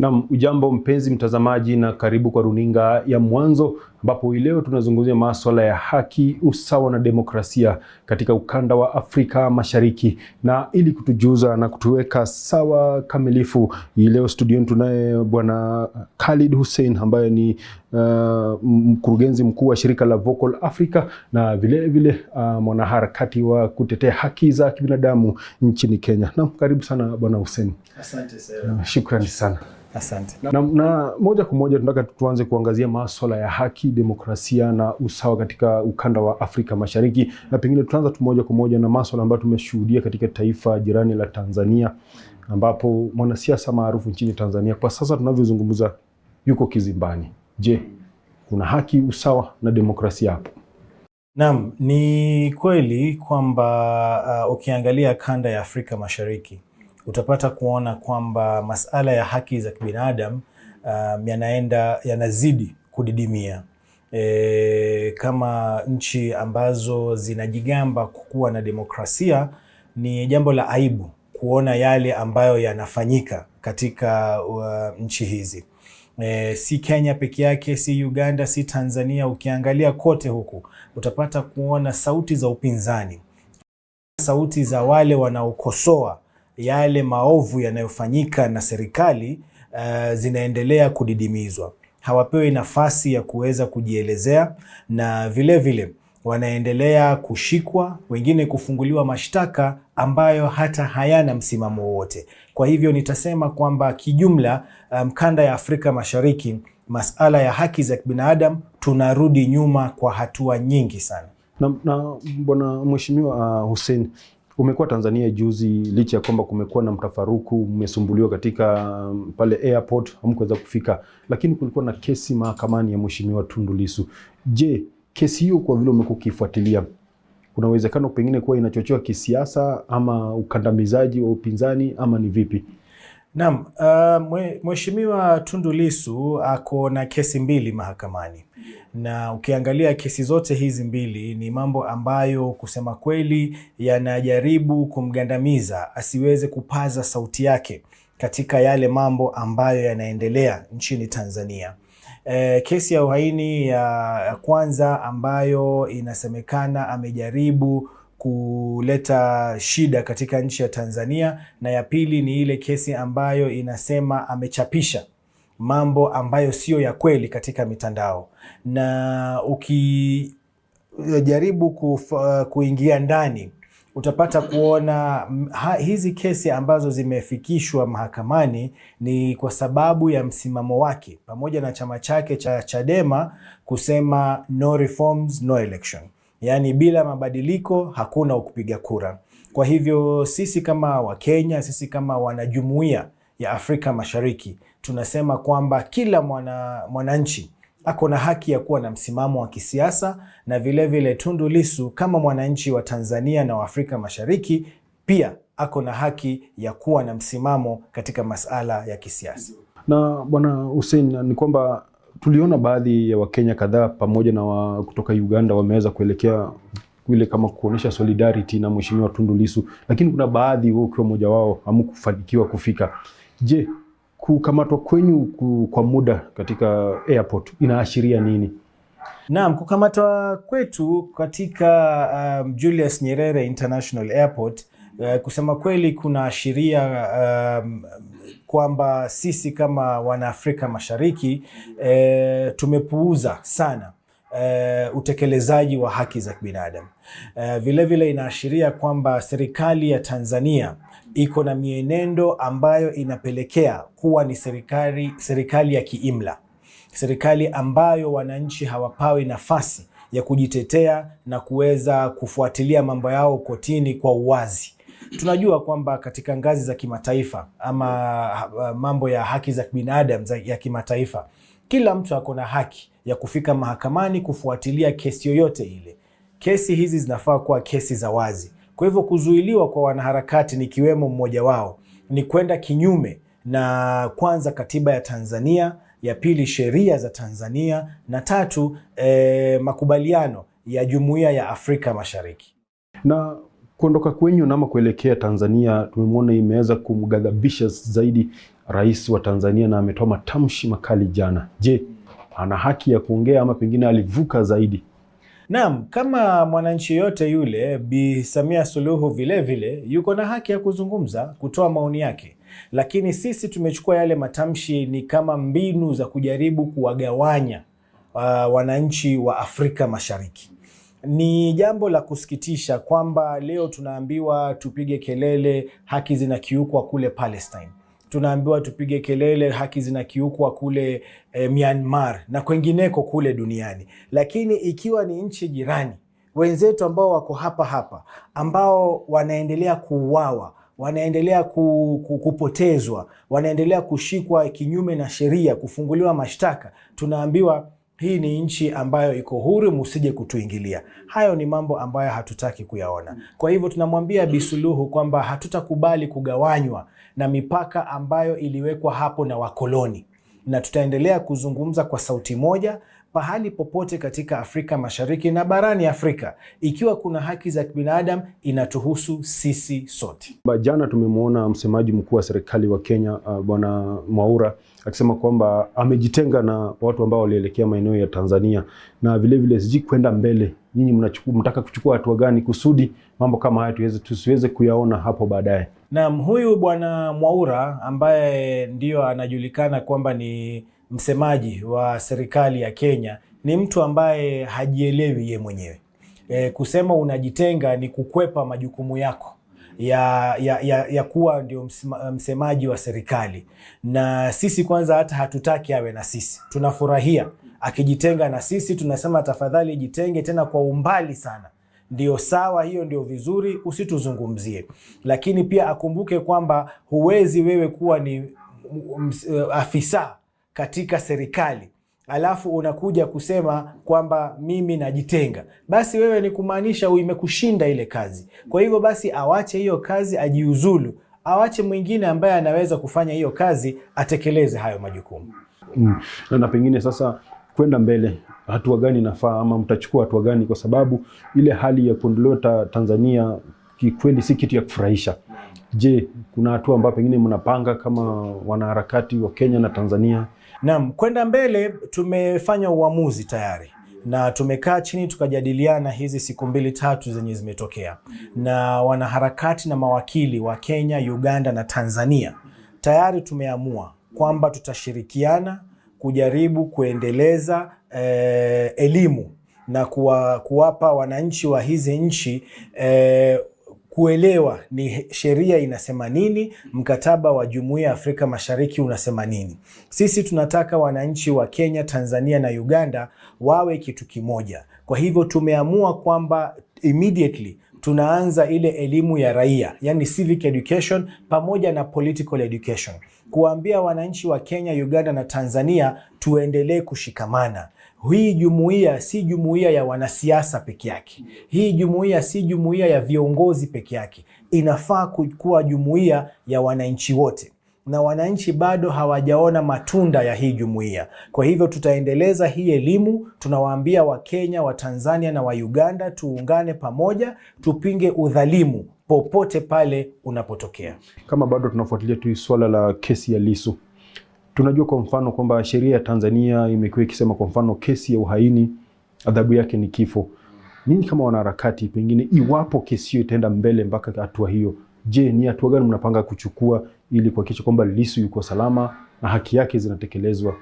Nam ujambo mpenzi mtazamaji, na karibu kwa runinga ya Mwanzo ambapo hii leo tunazungumzia masuala ya haki, usawa na demokrasia katika ukanda wa Afrika Mashariki. Na ili kutujuza na kutuweka sawa kamilifu, hii leo studioni tunaye bwana Khalid Hussein ambaye ni uh, mkurugenzi mkuu wa shirika la Vocal Africa na vilevile uh, mwanaharakati wa kutetea haki za kibinadamu nchini Kenya. Na karibu sana Bwana Hussein. Asante sana. Uh, shukrani sana. Asante. Na, na moja kwa moja tunataka tuanze kuangazia masuala ya haki, demokrasia na usawa katika ukanda wa Afrika Mashariki, na pengine tutaanza tu moja kwa moja na masuala ambayo tumeshuhudia katika taifa jirani la Tanzania, ambapo mwanasiasa maarufu nchini Tanzania kwa sasa tunavyozungumza yuko kizimbani. Je, kuna haki, usawa na demokrasia hapo? Naam, ni kweli kwamba uh, ukiangalia kanda ya Afrika Mashariki utapata kuona kwamba masala ya haki za kibinadamu uh, yanaenda yanazidi kudidimia. E, kama nchi ambazo zinajigamba kukuwa na demokrasia ni jambo la aibu kuona yale ambayo yanafanyika katika uh, nchi hizi. E, si Kenya peke yake, si Uganda, si Tanzania. Ukiangalia kote huku utapata kuona sauti za upinzani, sauti za wale wanaokosoa yale maovu yanayofanyika na serikali uh, zinaendelea kudidimizwa, hawapewi nafasi ya kuweza kujielezea na vilevile vile, wanaendelea kushikwa, wengine kufunguliwa mashtaka ambayo hata hayana msimamo wowote. Kwa hivyo nitasema kwamba kijumla, mkanda um, ya Afrika Mashariki, masala ya haki za kibinadamu tunarudi nyuma kwa hatua nyingi sana. Na, na bwana mheshimiwa uh, Hussein umekuwa Tanzania juzi, licha ya kwamba kumekuwa na mtafaruku, mmesumbuliwa katika um, pale airport hamkuweza kufika, lakini kulikuwa na kesi mahakamani ya mheshimiwa Tundu Lissu. Je, kesi hiyo, kwa vile umekuwa ukifuatilia, kuna uwezekano pengine kuwa inachochewa kisiasa ama ukandamizaji wa upinzani ama ni vipi? Naam, uh, Mheshimiwa Tundu Lissu ako na kesi mbili mahakamani na ukiangalia kesi zote hizi mbili ni mambo ambayo kusema kweli yanajaribu kumgandamiza asiweze kupaza sauti yake katika yale mambo ambayo yanaendelea nchini Tanzania. Eh, kesi ya uhaini ya kwanza ambayo inasemekana amejaribu kuleta shida katika nchi ya Tanzania, na ya pili ni ile kesi ambayo inasema amechapisha mambo ambayo siyo ya kweli katika mitandao, na ukijaribu eh, kuingia ndani utapata kuona ha, hizi kesi ambazo zimefikishwa mahakamani ni kwa sababu ya msimamo wake pamoja na chama chake cha Chadema kusema no reforms, no election, yaani bila mabadiliko hakuna ukupiga kura. Kwa hivyo sisi kama Wakenya, sisi kama wanajumuiya ya Afrika Mashariki tunasema kwamba kila mwananchi mwana ako na haki ya kuwa na msimamo wa kisiasa na vilevile vile Tundu Lissu kama mwananchi wa Tanzania na wa Afrika Mashariki pia ako na haki ya kuwa na msimamo katika masala ya kisiasa. Na Bwana Hussein, ni kwamba tuliona baadhi ya Wakenya kadhaa pamoja na wa kutoka Uganda wameweza kuelekea ile kama kuonyesha solidarity na mheshimiwa Tundu Lissu, lakini kuna baadhi, wewe ukiwa mmoja wao, hamkufanikiwa kufika. Je, kukamatwa kwenyu kwa muda katika airport inaashiria nini? Naam, kukamatwa kwetu katika um, Julius Nyerere International Airport uh, kusema kweli kunaashiria um, kwamba sisi kama Wanaafrika Mashariki uh, tumepuuza sana Uh, utekelezaji wa haki za binadamu. Uh, vilevile inaashiria kwamba serikali ya Tanzania iko na mienendo ambayo inapelekea kuwa ni serikali, serikali ya kiimla, serikali ambayo wananchi hawapawi nafasi ya kujitetea na kuweza kufuatilia mambo yao kotini kwa uwazi. Tunajua kwamba katika ngazi za kimataifa ama mambo ya haki za binadamu ya kimataifa, kila mtu ako na haki ya kufika mahakamani kufuatilia kesi yoyote ile. Kesi hizi zinafaa kuwa kesi za wazi. Kwa hivyo kuzuiliwa kwa wanaharakati nikiwemo mmoja wao ni kwenda kinyume na kwanza katiba ya Tanzania, ya pili sheria za Tanzania na tatu eh, makubaliano ya Jumuiya ya Afrika Mashariki. Na kuondoka kwenyu nama kuelekea Tanzania, tumemwona imeweza kumghadhabisha zaidi rais wa Tanzania na ametoa matamshi makali jana. Je, ana haki ya kuongea ama pengine alivuka zaidi? Naam, kama mwananchi yote yule, Bi Samia Suluhu vilevile yuko na haki ya kuzungumza, kutoa maoni yake, lakini sisi tumechukua yale matamshi ni kama mbinu za kujaribu kuwagawanya uh, wananchi wa Afrika Mashariki. Ni jambo la kusikitisha kwamba leo tunaambiwa tupige kelele, haki zinakiukwa kule Palestine tunaambiwa tupige kelele, haki zinakiukwa kule e, Myanmar na kwengineko kule duniani, lakini ikiwa ni nchi jirani wenzetu ambao wako hapa hapa ambao wanaendelea kuuawa wanaendelea kupotezwa, wanaendelea kushikwa kinyume na sheria, kufunguliwa mashtaka, tunaambiwa hii ni nchi ambayo iko huru, musije kutuingilia. Hayo ni mambo ambayo hatutaki kuyaona. Kwa hivyo tunamwambia bisuluhu kwamba hatutakubali kugawanywa na mipaka ambayo iliwekwa hapo na wakoloni, na tutaendelea kuzungumza kwa sauti moja pahali popote katika Afrika Mashariki na barani Afrika. Ikiwa kuna haki za kibinadamu, inatuhusu sisi sote. Jana tumemwona msemaji mkuu wa serikali wa Kenya uh, Bwana Mwaura akisema kwamba amejitenga na watu ambao walielekea maeneo ya Tanzania na vilevile, sijui kwenda mbele, nyinyi mtaka kuchukua hatua gani kusudi mambo kama haya tuweze tusiweze kuyaona hapo baadaye? Naam, huyu Bwana Mwaura ambaye ndio anajulikana kwamba ni msemaji wa serikali ya Kenya ni mtu ambaye hajielewi ye mwenyewe. E, kusema unajitenga ni kukwepa majukumu yako ya, ya, ya, ya kuwa ndio msemaji wa serikali, na sisi kwanza hata hatutaki awe na sisi. Tunafurahia akijitenga na sisi, tunasema tafadhali jitenge, tena kwa umbali sana. Ndio sawa, hiyo ndio vizuri, usituzungumzie. Lakini pia akumbuke kwamba huwezi wewe kuwa ni afisa katika serikali alafu unakuja kusema kwamba mimi najitenga, basi wewe ni kumaanisha imekushinda ile kazi. Kwa hivyo basi awache hiyo kazi, ajiuzulu, awache mwingine ambaye anaweza kufanya hiyo kazi atekeleze hayo majukumu mm. Na pengine sasa kwenda mbele, hatua gani nafaa ama mtachukua hatua gani, kwa sababu ile hali ya kuondolewa Tanzania kikweli si kitu ya kufurahisha. Je, kuna hatua ambayo pengine mnapanga kama wanaharakati wa Kenya na Tanzania? Naam, kwenda mbele, tumefanya uamuzi tayari na tumekaa chini tukajadiliana hizi siku mbili tatu zenye zimetokea, na wanaharakati na mawakili wa Kenya, Uganda na Tanzania tayari tumeamua kwamba tutashirikiana kujaribu kuendeleza eh, elimu na kuwa, kuwapa wananchi wa hizi nchi eh, kuelewa ni sheria inasema nini, mkataba wa Jumuiya ya Afrika Mashariki unasema nini. Sisi tunataka wananchi wa Kenya, Tanzania na Uganda wawe kitu kimoja. Kwa hivyo tumeamua kwamba immediately tunaanza ile elimu ya raia, yani civic education pamoja na political education, kuwaambia wananchi wa Kenya, Uganda na Tanzania tuendelee kushikamana. Hii jumuiya si jumuiya ya wanasiasa peke yake. Hii jumuiya si jumuiya ya viongozi peke yake. Inafaa kuwa jumuiya ya wananchi wote, na wananchi bado hawajaona matunda ya hii jumuiya. Kwa hivyo tutaendeleza hii elimu, tunawaambia Wakenya, Watanzania na Wauganda tuungane pamoja, tupinge udhalimu popote pale unapotokea. Kama bado tunafuatilia tu swala la kesi ya Lissu Tunajua kwa mfano kwamba sheria ya Tanzania imekuwa ikisema kwa mfano kesi ya uhaini adhabu yake ni kifo. nini kama wanaharakati, pengine iwapo kesi hiyo itaenda mbele mpaka hatua hiyo, je, ni hatua gani mnapanga kuchukua ili kuhakikisha kwamba Lissu yuko salama na haki yake zinatekelezwa?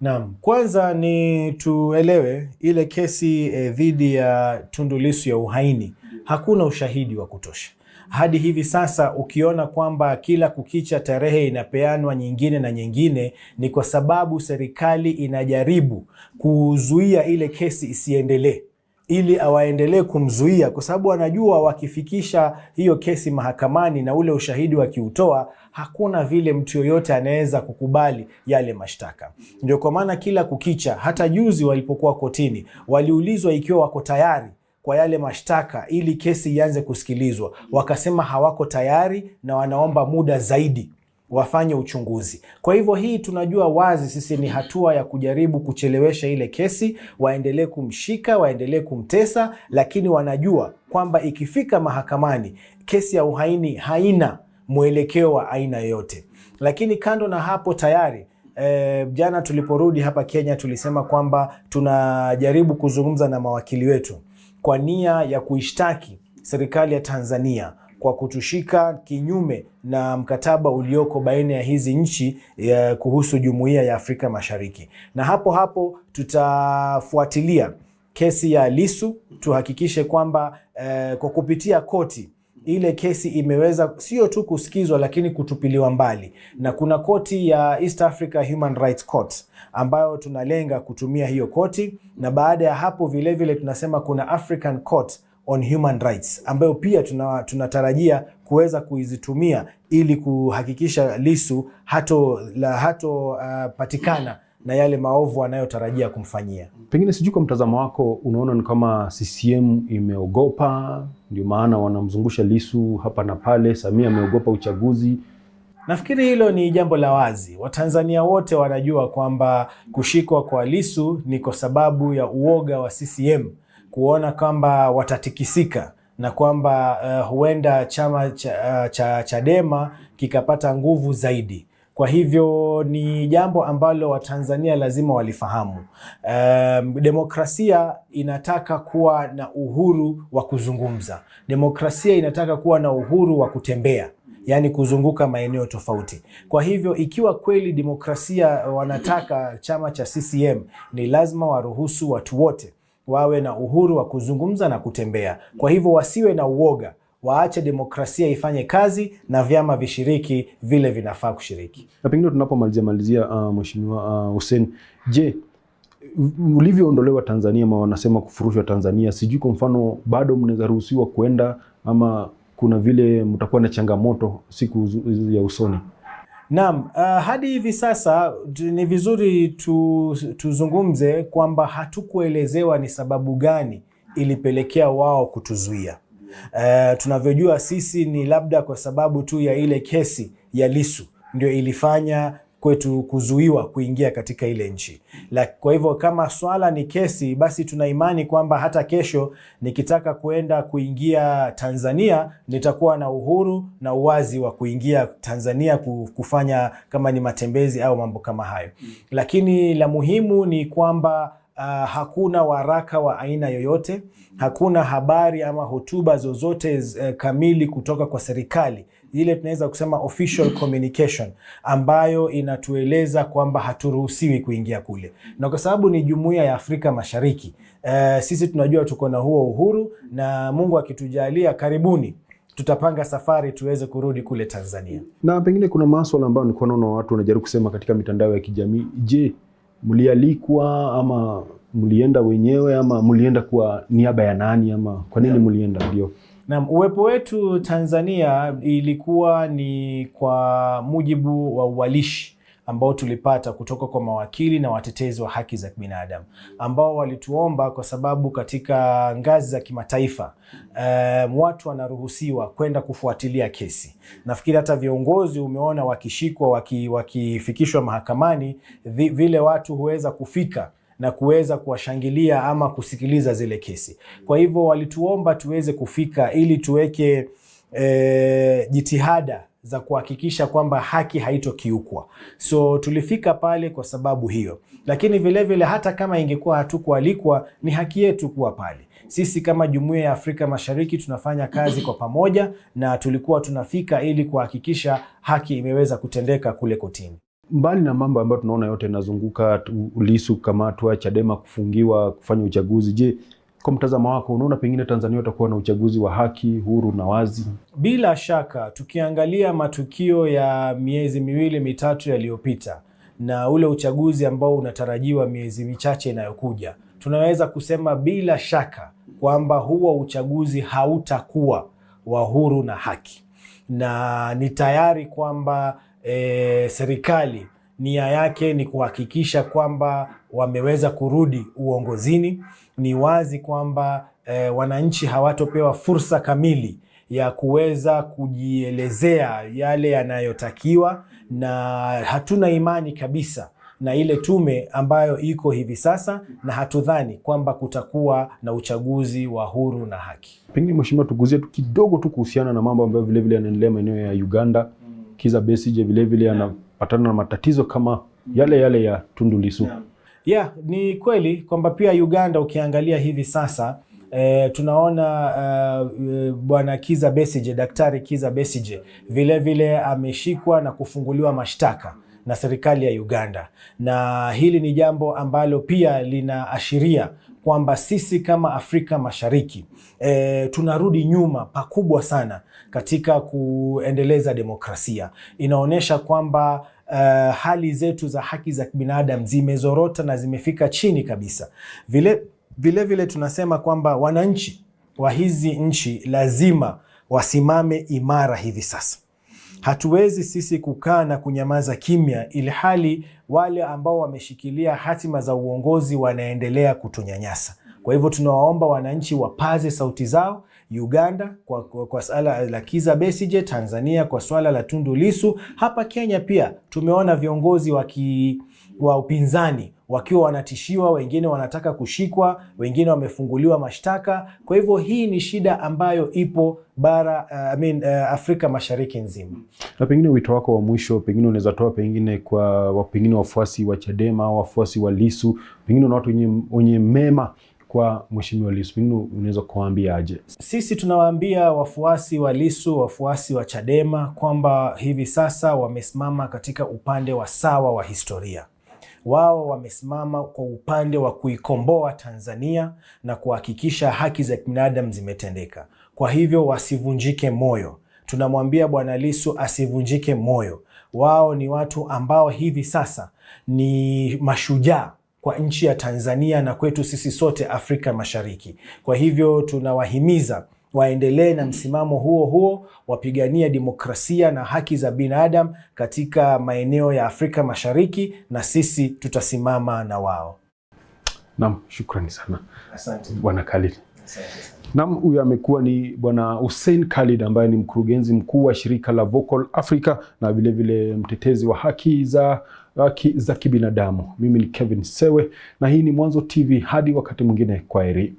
Naam, kwanza ni tuelewe ile kesi e, dhidi ya Tundu Lissu ya uhaini hakuna ushahidi wa kutosha hadi hivi sasa ukiona kwamba kila kukicha tarehe inapeanwa nyingine na nyingine, ni kwa sababu serikali inajaribu kuzuia ile kesi isiendelee ili awaendelee kumzuia kwa sababu wanajua wakifikisha hiyo kesi mahakamani na ule ushahidi wakiutoa, hakuna vile mtu yoyote anaweza kukubali yale mashtaka. Ndio kwa maana kila kukicha, hata juzi walipokuwa kotini, waliulizwa ikiwa wako tayari kwa yale mashtaka ili kesi ianze kusikilizwa, wakasema hawako tayari na wanaomba muda zaidi wafanye uchunguzi. Kwa hivyo hii tunajua wazi sisi ni hatua ya kujaribu kuchelewesha ile kesi, waendelee kumshika, waendelee kumtesa, lakini wanajua kwamba ikifika mahakamani kesi ya uhaini haina mwelekeo wa aina yoyote. Lakini kando na hapo tayari E, jana tuliporudi hapa Kenya tulisema kwamba tunajaribu kuzungumza na mawakili wetu kwa nia ya kuishtaki serikali ya Tanzania kwa kutushika kinyume na mkataba ulioko baina ya hizi nchi ya eh, kuhusu Jumuiya ya Afrika Mashariki. Na hapo hapo tutafuatilia kesi ya Lissu tuhakikishe kwamba eh, kwa kupitia koti ile kesi imeweza sio tu kusikizwa lakini kutupiliwa mbali, na kuna koti ya East Africa Human Rights Court ambayo tunalenga kutumia hiyo koti, na baada ya hapo vilevile vile tunasema kuna African Court on Human Rights ambayo pia tunatarajia tuna kuweza kuizitumia ili kuhakikisha Lissu hato, la hato uh, patikana na yale maovu anayotarajia kumfanyia. Pengine sijui, kwa mtazamo wako, unaona ni kama CCM imeogopa, ndio maana wanamzungusha lisu hapa na pale. Samia ameogopa uchaguzi. Nafikiri hilo ni jambo la wazi. Watanzania wote wanajua kwamba kushikwa kwa lisu ni kwa sababu ya uoga wa CCM kuona kwamba watatikisika na kwamba uh, huenda chama cha, uh, cha Chadema kikapata nguvu zaidi. Kwa hivyo ni jambo ambalo Watanzania lazima walifahamu. Um, demokrasia inataka kuwa na uhuru wa kuzungumza. Demokrasia inataka kuwa na uhuru wa kutembea yaani kuzunguka maeneo tofauti. Kwa hivyo ikiwa kweli demokrasia wanataka chama cha CCM, ni lazima waruhusu watu wote wawe na uhuru wa kuzungumza na kutembea. Kwa hivyo wasiwe na uoga waache demokrasia ifanye kazi na vyama vishiriki vile vinafaa kushiriki. Na pengine tunapomalizia malizia, uh, mheshimiwa uh, Hussein, uh, je, ulivyoondolewa Tanzania ama wanasema kufurushwa Tanzania, sijui kwa mfano bado mnaweza ruhusiwa kwenda ama kuna vile mtakuwa na changamoto siku ya usoni? Naam, uh, hadi hivi sasa ni vizuri tu, tuzungumze kwamba hatukuelezewa ni sababu gani ilipelekea wao kutuzuia. Eh, tunavyojua sisi ni labda kwa sababu tu ya ile kesi ya lisu ndio ilifanya kwetu kuzuiwa kuingia katika ile nchi. kwa hivyo kama swala ni kesi, basi tuna imani kwamba hata kesho nikitaka kuenda kuingia Tanzania nitakuwa na uhuru na uwazi wa kuingia Tanzania kufanya kama ni matembezi au mambo kama hayo. Lakini la muhimu ni kwamba uh, hakuna waraka wa aina yoyote, hakuna habari ama hotuba zozote uh, kamili kutoka kwa serikali ile tunaweza kusema official communication ambayo inatueleza kwamba haturuhusiwi kuingia kule, na kwa sababu ni jumuiya ya Afrika Mashariki e, sisi tunajua tuko na huo uhuru, na Mungu akitujalia karibuni tutapanga safari tuweze kurudi kule Tanzania. Na pengine kuna maswala ambayo nilikuwa naona watu wanajaribu kusema katika mitandao ya kijamii. Je, mlialikwa ama mlienda wenyewe ama mlienda kwa niaba ya nani ama kwa nini mlienda? Ndio. Naam, uwepo wetu Tanzania ilikuwa ni kwa mujibu wa uwalishi ambao tulipata kutoka kwa mawakili na watetezi wa haki za kibinadamu ambao walituomba, kwa sababu katika ngazi za kimataifa um, watu wanaruhusiwa kwenda kufuatilia kesi. Nafikiri hata viongozi umeona wakishikwa, waki, wakifikishwa mahakamani, vile watu huweza kufika na kuweza kuwashangilia ama kusikiliza zile kesi. Kwa hivyo walituomba tuweze kufika ili tuweke e, jitihada za kuhakikisha kwamba haki haitokiukwa. So tulifika pale kwa sababu hiyo, lakini vilevile vile, hata kama ingekuwa hatukualikwa, ni haki yetu kuwa pale. Sisi kama Jumuiya ya Afrika Mashariki tunafanya kazi kwa pamoja, na tulikuwa tunafika ili kuhakikisha haki imeweza kutendeka kule kotini. Mbali na mambo ambayo tunaona yote yanazunguka Lissu kukamatwa, Chadema kufungiwa kufanya uchaguzi, je, kwa mtazamo wako, unaona pengine Tanzania utakuwa na uchaguzi wa haki, huru na wazi? Bila shaka, tukiangalia matukio ya miezi miwili mitatu yaliyopita na ule uchaguzi ambao unatarajiwa miezi michache inayokuja, tunaweza kusema bila shaka kwamba huo uchaguzi hautakuwa wa huru na haki, na ni tayari kwamba e, serikali nia yake ni kuhakikisha kwamba wameweza kurudi uongozini. Ni wazi kwamba eh, wananchi hawatopewa fursa kamili ya kuweza kujielezea yale yanayotakiwa, na hatuna imani kabisa na ile tume ambayo iko hivi sasa, na hatudhani kwamba kutakuwa na uchaguzi wa huru na haki. Pengine mheshimiwa, tuguzie tu kidogo tu kuhusiana na mambo ambayo vilevile yanaendelea maeneo ya Uganda. Mm. Kiza Besigye vilevile ana patana na matatizo kama yale yale ya Tundu Lissu. Yeah. Yeah, ni kweli kwamba pia Uganda ukiangalia hivi sasa E, tunaona uh, bwana Kiza Besije, Daktari Kiza Besije vile vile ameshikwa na kufunguliwa mashtaka na serikali ya Uganda, na hili ni jambo ambalo pia linaashiria kwamba sisi kama Afrika Mashariki e, tunarudi nyuma pakubwa sana katika kuendeleza demokrasia. Inaonyesha kwamba Uh, hali zetu za haki za kibinadamu zimezorota na zimefika chini kabisa. Vile vile, vile tunasema kwamba wananchi wa hizi nchi lazima wasimame imara hivi sasa. Hatuwezi sisi kukaa na kunyamaza kimya, ili hali wale ambao wameshikilia hatima za uongozi wanaendelea kutunyanyasa. Kwa hivyo tunawaomba wananchi wapaze sauti zao, Uganda kwa, kwa, kwa swala la Kiza Besije, Tanzania kwa swala la Tundu Lisu, hapa Kenya pia tumeona viongozi waki wa upinzani wakiwa wanatishiwa, wengine wanataka kushikwa, wengine wamefunguliwa mashtaka. Kwa hivyo hii ni shida ambayo ipo bara uh, I mean, uh, Afrika Mashariki nzima. Na pengine wito wako wa mwisho pengine unaweza toa pengine kwa pengine wafuasi wa Chadema au wafuasi wa Lisu, pengine una watu wenye mema kwa mheshimiwa Lisu, pengine unaweza kuwaambia aje? Sisi tunawaambia wafuasi wa Lisu, wafuasi wa Chadema kwamba hivi sasa wamesimama katika upande wa sawa wa historia wao wamesimama kwa upande wa kuikomboa Tanzania na kuhakikisha haki za kibinadamu zimetendeka. Kwa hivyo wasivunjike moyo, tunamwambia Bwana Lissu asivunjike moyo. Wao ni watu ambao hivi sasa ni mashujaa kwa nchi ya Tanzania na kwetu sisi sote Afrika Mashariki. Kwa hivyo tunawahimiza waendelee na msimamo huo huo, wapigania demokrasia na haki za binadamu katika maeneo ya Afrika Mashariki, na sisi tutasimama na wao. Naam, shukrani sana. Asante. Bwana Khalid. Naam, huyu amekuwa ni Bwana Hussein Khalid ambaye ni mkurugenzi mkuu wa shirika la Vocal Africa na vilevile vile mtetezi wa haki za haki za kibinadamu. Mimi ni Kevin Sewe na hii ni Mwanzo TV, hadi wakati mwingine, heri.